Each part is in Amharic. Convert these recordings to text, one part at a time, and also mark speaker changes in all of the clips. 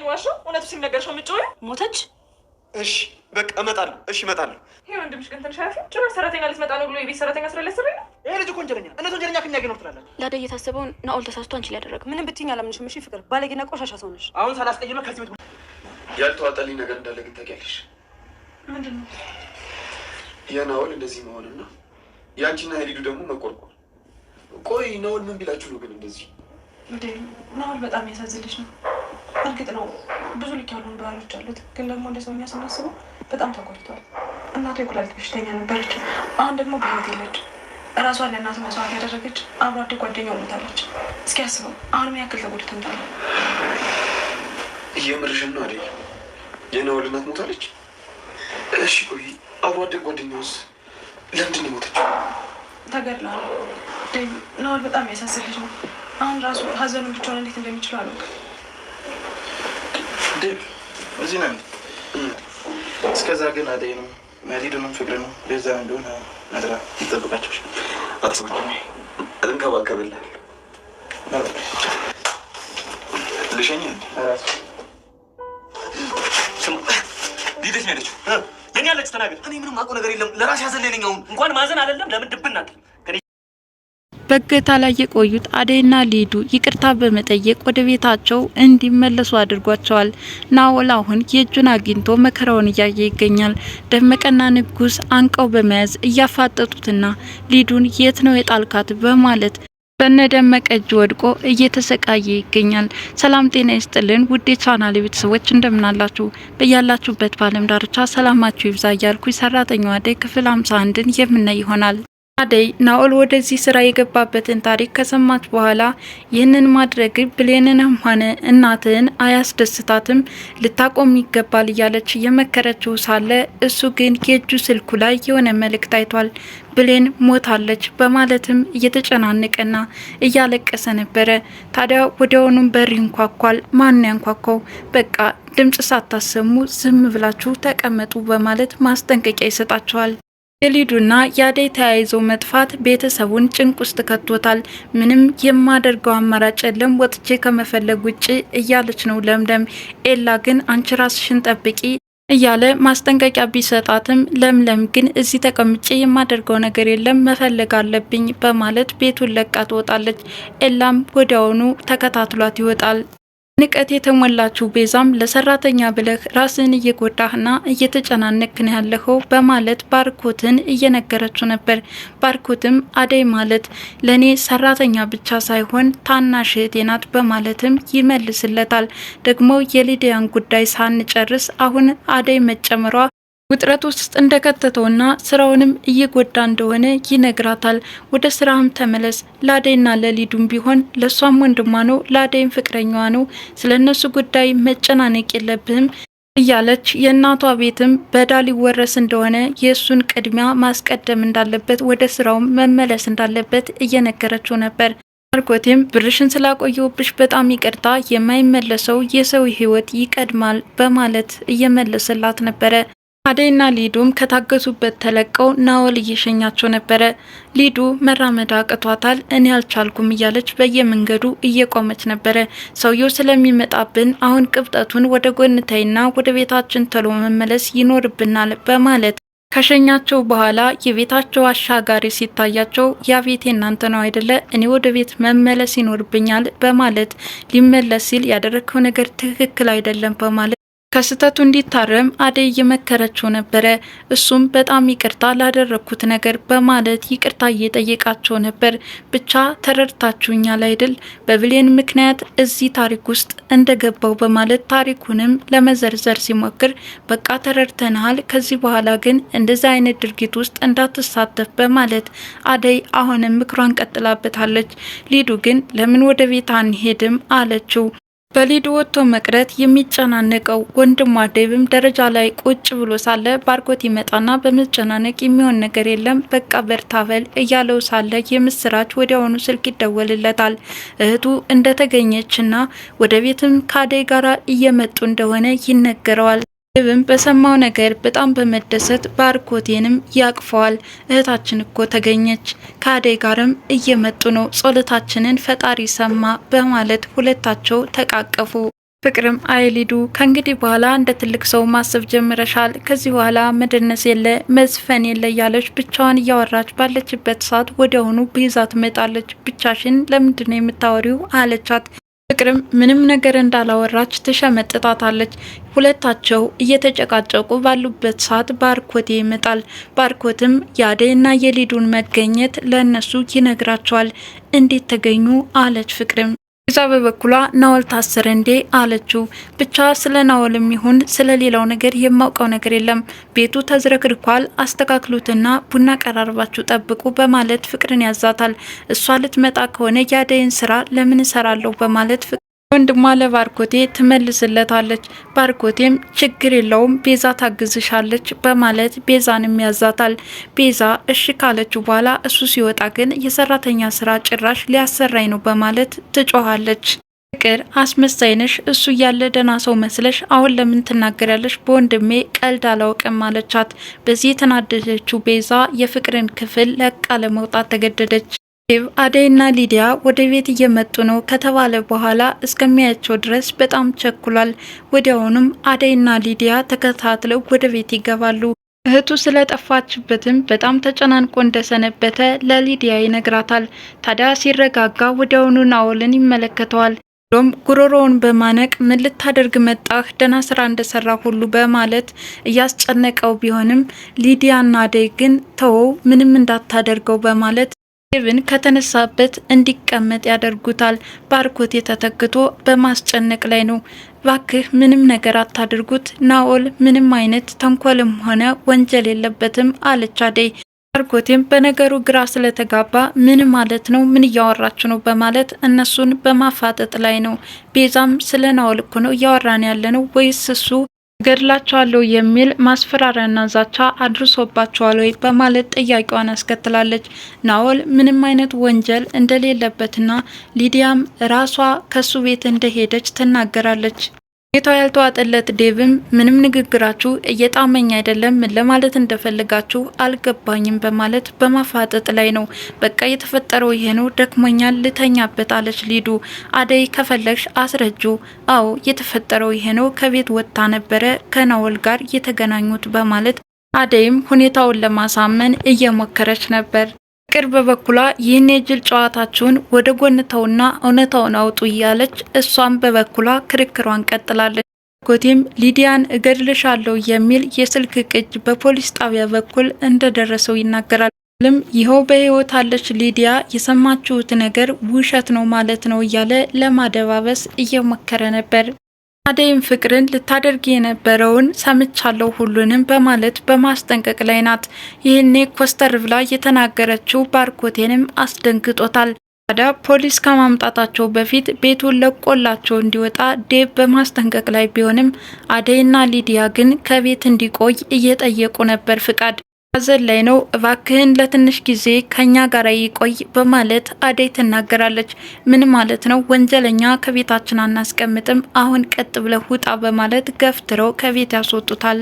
Speaker 1: እኔን ዋሸው። እውነቱ ሲነገር ሰው ምጭ ሞተች። እሺ በቃ እመጣለሁ። እሺ እመጣለሁ። ይሄ ወንድምሽ ግን ትንሽ አያፍርም? ጭራሽ ሰራተኛ ልትመጣ ነው ብሎ የቤት ሰራተኛ ስራ ሊያሰራ ነው። ይሄ ልጅ እኮ ወንጀለኛ እነት ወንጀለኛ ከኛ ገነው ትላለች። ላደይ እየታሰበውን ናኦል ተሳስቶ አንቺ ሊያደረገ ምንም ብትይኝ አላምንሽም። እሺ ፍቅር ባለጌና ቆሻሻ ሰው ነሽ። አሁን ሳላስቀይመ ከዚህ ቤት ያልተዋጠልኝ ነገር እንዳለ ግን ታውቂያለሽ። ምንድነው ነው የናኦል እንደዚህ መሆንና የአንቺና የሊዱ ደግሞ መቆርቆር። ቆይ ናኦል ምን ቢላችሁ ነው ግን እንደዚህ ናኦል በጣም ያሳዝልሽ ነው እርግጥ ነው ብዙ ልክ ያሉ ብርሃኖች አሉት፣ ግን ደግሞ እንደ ሰውኛ ስናስበው በጣም ተጎድቷል። እናቱ የኩላሊት በሽተኛ ነበረች። አሁን ደግሞ በህይወት የለች። እራሷን ለእናት መስዋዕት ያደረገች አብሮ አደግ ጓደኛው ሞታለች። እስኪ ያስበው አሁን ምን ያክል ተጎድቶ እንዳለ። የምርሽን ነው አይደል? የናኦል እናት ሞታለች። እሺ ቆይ አብሮ አደግ ጓደኛውስ ለምንድን ነው የሞተችው? ተገድለዋል። ናኦል በጣም ያሳስልሽ ነው። አሁን ራሱ ሀዘኑን ብቻውን እንዴት እንደሚችለው አላውቅም። እዚህ ነው። እስከዛ ግን አደይንም መሪድንም ፍቅርንም ቤዛ እንደሆነ ነጥራ ይጠብቃቸው አስብ እንከባከብልል ልሸኝ ሊደች የኔ ያለች ተናገር። እኔ ምንም አውቀው ነገር የለም። ለራሴ ያዘለኝ አሁን እንኳን ማዘን አይደለም። ለምን በእገታ ላይ የቆዩት አደይና ሊዱ ይቅርታ በመጠየቅ ወደ ቤታቸው እንዲመለሱ አድርጓቸዋል። ናወል አሁን የእጁን አግኝቶ መከራውን እያየ ይገኛል። ደመቀና ንጉስ አንቀው በመያዝ እያፋጠጡትና ሊዱን የት ነው የጣልካት በማለት በነደመቀ እጅ ወድቆ እየተሰቃየ ይገኛል። ሰላም ጤና ይስጥልን ውድ የቻናል ቤተሰቦች እንደምናላችሁ በያላችሁበት በዓለም ዳርቻ ሰላማችሁ ይብዛ እያልኩ ሰራተኛዋ አደይ ክፍል 51 አንድን የምናይ ይሆናል። አደይ ናኦል ወደዚህ ስራ የገባበትን ታሪክ ከሰማች በኋላ ይህንን ማድረግ ብሌንንም ሆነ እናትን አያስደስታትም፣ ልታቆም ይገባል እያለች እየመከረችው ሳለ እሱ ግን የእጁ ስልኩ ላይ የሆነ መልእክት አይቷል። ብሌን ሞታለች በማለትም እየተጨናነቀና እያለቀሰ ነበረ። ታዲያ ወዲያውኑም በር ይንኳኳል። ማን ያንኳኳው? በቃ ድምፅ ሳታሰሙ ዝም ብላችሁ ተቀመጡ በማለት ማስጠንቀቂያ ይሰጣቸዋል። የሊዱና የአደይ ተያይዞ መጥፋት ቤተሰቡን ጭንቅ ውስጥ ከቶታል። ምንም የማደርገው አማራጭ የለም ወጥቼ ከመፈለግ ውጭ እያለች ነው ለምለም። ኤላ ግን አንቺ ራስሽን ጠብቂ እያለ ማስጠንቀቂያ ቢሰጣትም ለምለም ግን እዚህ ተቀምጬ የማደርገው ነገር የለም መፈለግ አለብኝ በማለት ቤቱን ለቃ ትወጣለች። ኤላም ወዲያውኑ ተከታትሏት ይወጣል። ንቀት የተሞላችው ቤዛም ለሰራተኛ ብለህ ራስን እየጎዳህና እየተጨናነክ ነው ያለኸው በማለት ባርኮትን እየነገረችው ነበር። ባርኮትም አደይ ማለት ለእኔ ሰራተኛ ብቻ ሳይሆን ታናሽ እህቴ ናት በማለትም ይመልስለታል። ደግሞ የሊዲያን ጉዳይ ሳንጨርስ አሁን አደይ መጨመሯ ውጥረት ውስጥ እንደከተተውና ስራውንም እየጎዳ እንደሆነ ይነግራታል። ወደ ስራህም ተመለስ፣ ለአደይና ለሊዱም ቢሆን ለእሷም ወንድሟ ነው፣ ለአደይም ፍቅረኛዋ ነው። ስለ እነሱ ጉዳይ መጨናነቅ የለብህም እያለች የእናቷ ቤትም በዳ ሊወረስ እንደሆነ የእሱን ቅድሚያ ማስቀደም እንዳለበት፣ ወደ ስራውም መመለስ እንዳለበት እየነገረችው ነበር። ባርኮቴም ብርሽን ስላቆየውብሽ በጣም ይቅርታ፣ የማይመለሰው የሰው ህይወት ይቀድማል በማለት እየመለሰላት ነበረ። አደይና ሊዱም ከታገቱበት ተለቀው ናወል እየሸኛቸው ነበረ። ሊዱ መራመድ አቅቷታል። እኔ አልቻልኩም እያለች በየመንገዱ እየቆመች ነበረ። ሰውየው ስለሚመጣብን አሁን ቅብጠቱን ወደ ጎን ወደ ቤታችን ተሎ መመለስ ይኖርብናል በማለት ከሸኛቸው በኋላ የቤታቸው አሻጋሪ ሲታያቸው ያ ቤት እናንተ ነው አይደለ? እኔ ወደ ቤት መመለስ ይኖርብኛል በማለት ሊመለስ ሲል ያደረግከው ነገር ትክክል አይደለም በማለት ከስህተቱ እንዲታረም አደይ እየመከረችው ነበረ። እሱም በጣም ይቅርታ ላደረግኩት ነገር በማለት ይቅርታ እየጠየቃቸው ነበር። ብቻ ተረድታችሁኛል አይደል? በብሌን ምክንያት እዚህ ታሪክ ውስጥ እንደገባው በማለት ታሪኩንም ለመዘርዘር ሲሞክር በቃ ተረድተናል ከዚህ በኋላ ግን እንደዚህ አይነት ድርጊት ውስጥ እንዳትሳተፍ በማለት አደይ አሁንም ምክሯን ቀጥላበታለች። ሊዱ ግን ለምን ወደ ቤት አንሄድም አለችው። በሊዱ ወጥቶ መቅረት የሚጨናነቀው ወንድሟ ዴቭም ደረጃ ላይ ቁጭ ብሎ ሳለ ባርኮት ይመጣና በመጨናነቅ የሚሆን ነገር የለም በቃ በርታበል እያለው ሳለ የምስራች ወዲያውኑ ስልክ ይደወልለታል። እህቱ እንደተገኘችና ወደ ቤትም ከአደይ ጋራ እየመጡ እንደሆነ ይነገረዋል። ድብም በሰማው ነገር በጣም በመደሰት ባርኮቴንም ያቅፈዋል። እህታችን እኮ ተገኘች፣ ከአደይ ጋርም እየመጡ ነው፣ ጸሎታችንን ፈጣሪ ሰማ በማለት ሁለታቸው ተቃቀፉ። ፍቅርም አይሊዱ ከእንግዲህ በኋላ እንደ ትልቅ ሰው ማሰብ ጀምረሻል፣ ከዚህ በኋላ መደነስ የለ መዝፈን የለ እያለች ብቻዋን እያወራች ባለችበት ሰዓት ወዲያውኑ ቤዛ ትመጣለች። ብቻሽን ለምንድነው የምታወሪው? አለቻት ፍቅርም ምንም ነገር እንዳላወራች ትሸመጥጣታለች። ሁለታቸው እየተጨቃጨቁ ባሉበት ሰዓት ባርኮቴ ይመጣል። ባርኮትም የአደይና የሊዱን መገኘት ለእነሱ ይነግራቸዋል። እንዴት ተገኙ አለች ፍቅርም ቤዛ በበኩሏ ናወል ታሰረ እንዴ አለችው። ብቻ ስለ ናወልም ይሁን ስለ ሌላው ነገር የማውቀው ነገር የለም። ቤቱ ተዝረክርኳል፣ አስተካክሉትና ቡና ቀራርባችሁ ጠብቁ በማለት ፍቅርን ያዛታል። እሷ ልትመጣ ከሆነ ያደይን ስራ ለምን እሰራለሁ በማለት ወንድሟ ለባርኮቴ ትመልስለታለች። ባርኮቴም ችግር የለውም ቤዛ ታግዝሻለች በማለት ቤዛንም ያዛታል። ቤዛ እሺ ካለችው በኋላ እሱ ሲወጣ ግን የሰራተኛ ስራ ጭራሽ ሊያሰራኝ ነው በማለት ትጮኋለች። ፍቅር አስመሳይነሽ እሱ እያለ ደህና ሰው መስለሽ አሁን ለምን ትናገራለሽ? በወንድሜ ቀልድ አላውቅም አለቻት። በዚህ የተናደደችው ቤዛ የፍቅርን ክፍል ለቃ ለመውጣት ተገደደች። ኢቭ አደይና ሊዲያ ወደ ቤት እየመጡ ነው ከተባለ በኋላ እስከሚያያቸው ድረስ በጣም ቸኩሏል። ወዲያውኑም አደይና ሊዲያ ተከታትለው ወደ ቤት ይገባሉ። እህቱ ስለጠፋችበትም በጣም ተጨናንቆ እንደሰነበተ ለሊዲያ ይነግራታል። ታዲያ ሲረጋጋ ወዲያውኑ አውልን ይመለከተዋል። ሎም ጉሮሮውን በማነቅ ምን ልታደርግ መጣህ? ደህና ስራ እንደሰራ ሁሉ በማለት እያስጨነቀው ቢሆንም ሊዲያና አደይ ግን ተወው፣ ምንም እንዳታደርገው በማለት ዴቭን ከተነሳበት እንዲቀመጥ ያደርጉታል። ባርኮቴ ተተክቶ በማስጨነቅ ላይ ነው። ባክህ ምንም ነገር አታድርጉት፣ ናኦል ምንም አይነት ተንኮልም ሆነ ወንጀል የለበትም አለች አደይ። ባርኮቴም በነገሩ ግራ ስለተጋባ ምን ማለት ነው? ምን እያወራች ነው? በማለት እነሱን በማፋጠጥ ላይ ነው። ቤዛም ስለ ናኦል እኮ ነው እያወራን ያለ ነው ወይስ እሱ ገድላቸዋለሁ የሚል ማስፈራሪያና ዛቻ አድርሶባቸዋል ወይ በማለት ጥያቄዋን አስከትላለች። ናኦል ምንም አይነት ወንጀል እንደሌለበትና ሊዲያም ራሷ ከሱ ቤት እንደሄደች ትናገራለች። ጌቷ ያልተዋጠለት ዴቭም ምንም ንግግራችሁ እየጣመኝ አይደለም፣ ምን ለማለት እንደፈለጋችሁ አልገባኝም በማለት በማፋጠጥ ላይ ነው። በቃ የተፈጠረው ይሄ ነው፣ ደክሞኛል፣ ልተኛበት አለች ሊዱ። አደይ ከፈለግሽ አስረጁ። አዎ የተፈጠረው ይሄ ነው፣ ከቤት ወጥታ ነበረ ከናወል ጋር የተገናኙት በማለት አደይም ሁኔታውን ለማሳመን እየሞከረች ነበር። ፍቅር በበኩሏ ይህን የጅል ጨዋታችሁን ወደ ተውና እውነታውን አውጡ እያለች እሷም በበኩሏ ክርክሯን ቀጥላለች። ጎቴም ሊዲያን እገድልሻለሁ የሚል የስልክ ቅጅ በፖሊስ ጣቢያ በኩል እንደደረሰው ይናገራል። ልም ይኸው በህይወት አለች ሊዲያ የሰማችሁት ነገር ውሸት ነው ማለት ነው እያለ ለማደባበስ እየሞከረ ነበር። አደይም ፍቅርን ልታደርግ የነበረውን ሰምቻለሁ ሁሉንም በማለት በማስጠንቀቅ ላይ ናት። ይህኔ ኮስተር ብላ የተናገረችው ባርኮቴንም አስደንግጦታል። ታዲያ ፖሊስ ከማምጣታቸው በፊት ቤቱን ለቆላቸው እንዲወጣ ዴብ በማስጠንቀቅ ላይ ቢሆንም አደይና ሊዲያ ግን ከቤት እንዲቆይ እየጠየቁ ነበር ፍቃድ ሐዘን ላይ ነው። እባክህን ለትንሽ ጊዜ ከኛ ጋር ይቆይ በማለት አደይ ትናገራለች። ምን ማለት ነው? ወንጀለኛ ከቤታችን አናስቀምጥም፣ አሁን ቀጥ ብለህ ውጣ በማለት ገፍትረው ከቤት ያስወጡታል።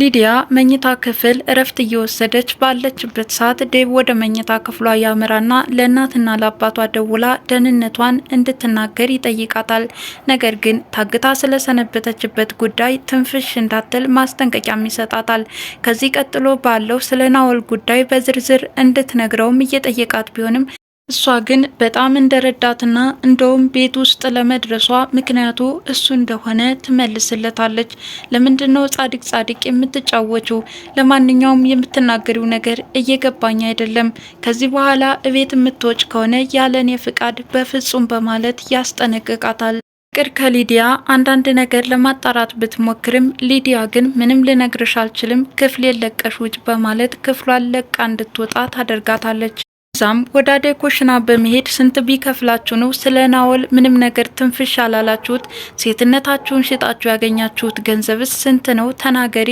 Speaker 1: ሊዲያ መኝታ ክፍል እረፍት እየወሰደች ባለችበት ሰዓት ዴብ ወደ መኝታ ክፍሏ ያምራና ለእናትና ለአባቷ ደውላ ደህንነቷን እንድትናገር ይጠይቃታል። ነገር ግን ታግታ ስለሰነበተችበት ጉዳይ ትንፍሽ እንዳትል ማስጠንቀቂያም ይሰጣታል። ከዚህ ቀጥሎ ባለው ስለ ናወል ጉዳይ በዝርዝር እንድትነግረውም እየጠየቃት ቢሆንም እሷ ግን በጣም እንደረዳትና እንደውም ቤት ውስጥ ለመድረሷ ምክንያቱ እሱ እንደሆነ ትመልስለታለች። ለምንድን ነው ጻድቅ ጻድቅ የምትጫወችው? ለማንኛውም የምትናገሪው ነገር እየገባኝ አይደለም። ከዚህ በኋላ እቤት የምትወጭ ከሆነ ያለኔ ፍቃድ በፍጹም በማለት ያስጠነቅቃታል። ፍቅር ከሊዲያ አንዳንድ ነገር ለማጣራት ብትሞክርም ሊዲያ ግን ምንም ልነግርሽ አልችልም፣ ክፍሌን ለቀሽ ውጭ በማለት ክፍሏን ለቃ እንድትወጣ ታደርጋታለች። ከዛም ወዳደ ኮሽና በመሄድ ስንት ቢከፍላችሁ ነው ስለ ናወል ምንም ነገር ትንፍሽ አላላችሁት? ሴትነታችሁን ሽጣችሁ ያገኛችሁት ገንዘብስ ስንት ነው? ተናገሪ።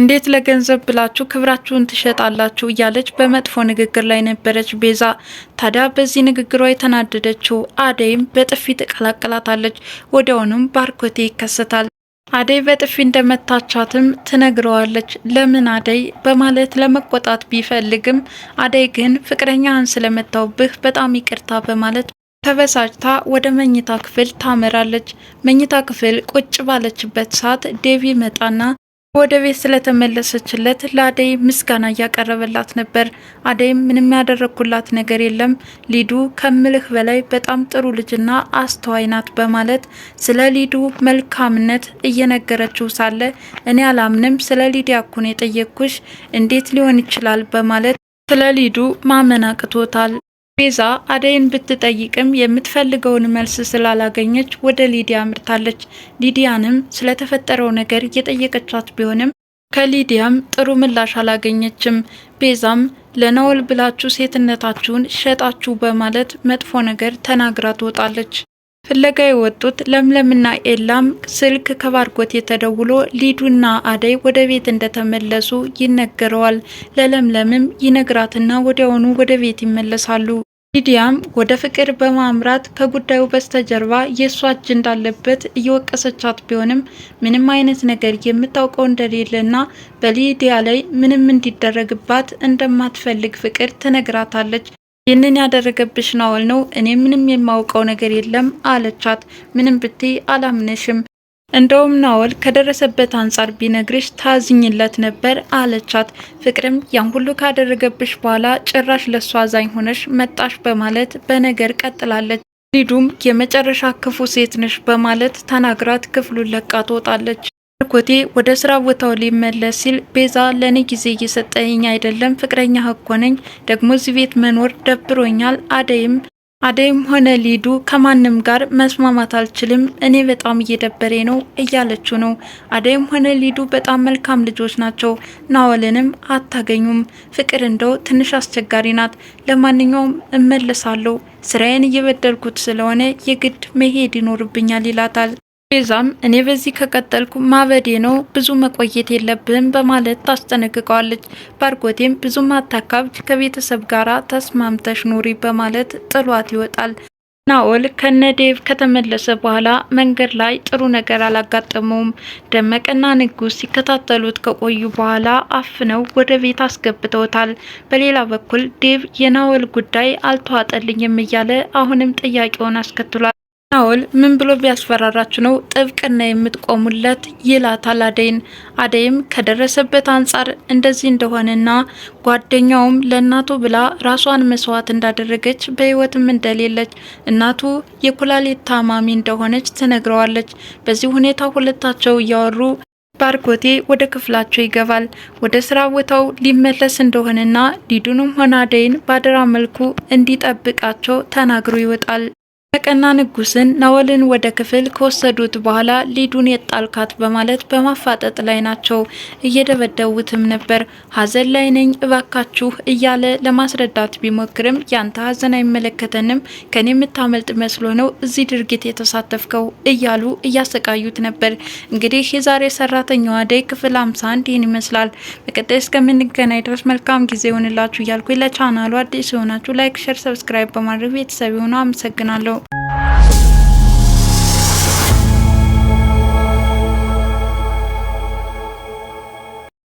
Speaker 1: እንዴት ለገንዘብ ብላችሁ ክብራችሁን ትሸጣላችሁ? እያለች በመጥፎ ንግግር ላይ ነበረች ቤዛ። ታዲያ በዚህ ንግግሯ የተናደደችው አደይም በጥፊ ትቀላቅላታለች። ወዲያውኑም ባርኮቴ ይከሰታል። አደይ በጥፊ እንደመታቻትም ትነግረዋለች። ለምን አደይ በማለት ለመቆጣት ቢፈልግም አደይ ግን ፍቅረኛህን ስለመታውብህ በጣም ይቅርታ በማለት ተበሳጭታ ወደ መኝታ ክፍል ታመራለች። መኝታ ክፍል ቁጭ ባለችበት ሰዓት ዴቪ መጣና ወደ ቤት ስለተመለሰችለት ለአደይ ምስጋና እያቀረበላት ነበር። አደይም ምንም ያደረግኩላት ነገር የለም ሊዱ ከምልህ በላይ በጣም ጥሩ ልጅና አስተዋይ ናት በማለት ስለ ሊዱ መልካምነት እየነገረችው ሳለ እኔ አላምንም፣ ስለ ሊዲያ እኮ ነው የጠየቅኩሽ፣ እንዴት ሊሆን ይችላል በማለት ስለ ሊዱ ማመን አቅቶታል። ቤዛ አደይን ብትጠይቅም የምትፈልገውን መልስ ስላላገኘች ወደ ሊዲያ አምርታለች። ሊዲያንም ስለተፈጠረው ነገር እየጠየቀቻት ቢሆንም ከሊዲያም ጥሩ ምላሽ አላገኘችም። ቤዛም ለናወል ብላችሁ ሴትነታችሁን ሸጣችሁ በማለት መጥፎ ነገር ተናግራ ትወጣለች። ፍለጋ የወጡት ለምለምና ኤላም ስልክ ከባርኮት የተደውሎ ሊዱና አደይ ወደ ቤት እንደተመለሱ ይነገረዋል። ለለምለምም ይነግራትና ወዲያውኑ ወደ ቤት ይመለሳሉ። ሊዲያም ወደ ፍቅር በማምራት ከጉዳዩ በስተጀርባ የእሷ እጅ እንዳለበት እየወቀሰቻት ቢሆንም ምንም አይነት ነገር የምታውቀው እንደሌለና በሊዲያ ላይ ምንም እንዲደረግባት እንደማትፈልግ ፍቅር ትነግራታለች። ይህንን ያደረገብሽ ናወል ነው። እኔ ምንም የማውቀው ነገር የለም አለቻት። ምንም ብትይ አላምነሽም፣ እንደውም ናወል ከደረሰበት አንጻር ቢነግርሽ ታዝኝለት ነበር አለቻት። ፍቅርም ያን ሁሉ ካደረገብሽ በኋላ ጭራሽ ለሷ አዛኝ ሆነሽ መጣሽ በማለት በነገር ቀጥላለች። ሊዱም የመጨረሻ ክፉ ሴት ነሽ በማለት ተናግራት ክፍሉን ለቃ ትወጣለች። ባርኮቴ ወደ ስራ ቦታው ሊመለስ ሲል ቤዛ ለእኔ ጊዜ እየሰጠኝ አይደለም፣ ፍቅረኛ እኮ ነኝ፣ ደግሞ እዚህ ቤት መኖር ደብሮኛል። አደይም አደይም ሆነ ሊዱ ከማንም ጋር መስማማት አልችልም፣ እኔ በጣም እየደበሬ ነው እያለችው ነው። አደይም ሆነ ሊዱ በጣም መልካም ልጆች ናቸው። ናወልንም አታገኙም። ፍቅር እንደው ትንሽ አስቸጋሪ ናት። ለማንኛውም እመለሳለሁ፣ ስራዬን እየበደልኩት ስለሆነ የግድ መሄድ ይኖርብኛል ይላታል። ቤዛም እኔ በዚህ ከቀጠልኩ ማበዴ ነው፣ ብዙ መቆየት የለብህም በማለት ታስጠነቅቀዋለች። ባርኮቴም ብዙም አታካብድ፣ ከቤተሰብ ጋራ ተስማምተሽ ኑሪ በማለት ጥሏት ይወጣል። ናኦል ከነዴቭ ከተመለሰ በኋላ መንገድ ላይ ጥሩ ነገር አላጋጠመውም። ደመቀና ንጉስ ሲከታተሉት ከቆዩ በኋላ አፍነው ወደ ቤት አስገብተውታል። በሌላ በኩል ዴቭ የናኦል ጉዳይ አልተዋጠልኝም እያለ አሁንም ጥያቄውን አስከትሏል። ናኦል ምን ብሎ ቢያስፈራራችሁ ነው ጥብቅና የምትቆሙለት? ይላታል አደይን። አደይም ከደረሰበት አንጻር እንደዚህ እንደሆነና ጓደኛውም ለእናቱ ብላ ራሷን መስዋዕት እንዳደረገች በህይወትም እንደሌለች እናቱ የኩላሊት ታማሚ እንደሆነች ትነግረዋለች። በዚህ ሁኔታ ሁለታቸው እያወሩ ባርኮቴ ወደ ክፍላቸው ይገባል። ወደ ስራ ቦታው ሊመለስ እንደሆነና ሊዱንም ሆነ አደይን ባደራ መልኩ እንዲጠብቃቸው ተናግሮ ይወጣል። ቀና ንጉስን ናወልን ወደ ክፍል ከወሰዱት በኋላ ሊዱን የጣልካት በማለት በማፋጠጥ ላይ ናቸው። እየደበደቡትም ነበር። ሀዘን ላይ ነኝ እባካችሁ እያለ ለማስረዳት ቢሞክርም ያንተ ሀዘን አይመለከተንም፣ ከኔ የምታመልጥ መስሎ ነው እዚህ ድርጊት የተሳተፍከው እያሉ እያሰቃዩት ነበር። እንግዲህ የዛሬ ሰራተኛዋ አደይ ክፍል አምሳ አንድ ይህን ይመስላል። በቀጣይ እስከምንገናኝ ድረስ መልካም ጊዜ ይሆንላችሁ እያልኩ ለቻናሉ አዲስ የሆናችሁ ላይክ፣ ሸር፣ ሰብስክራይብ በማድረግ ቤተሰብ የሆኑ አመሰግናለሁ።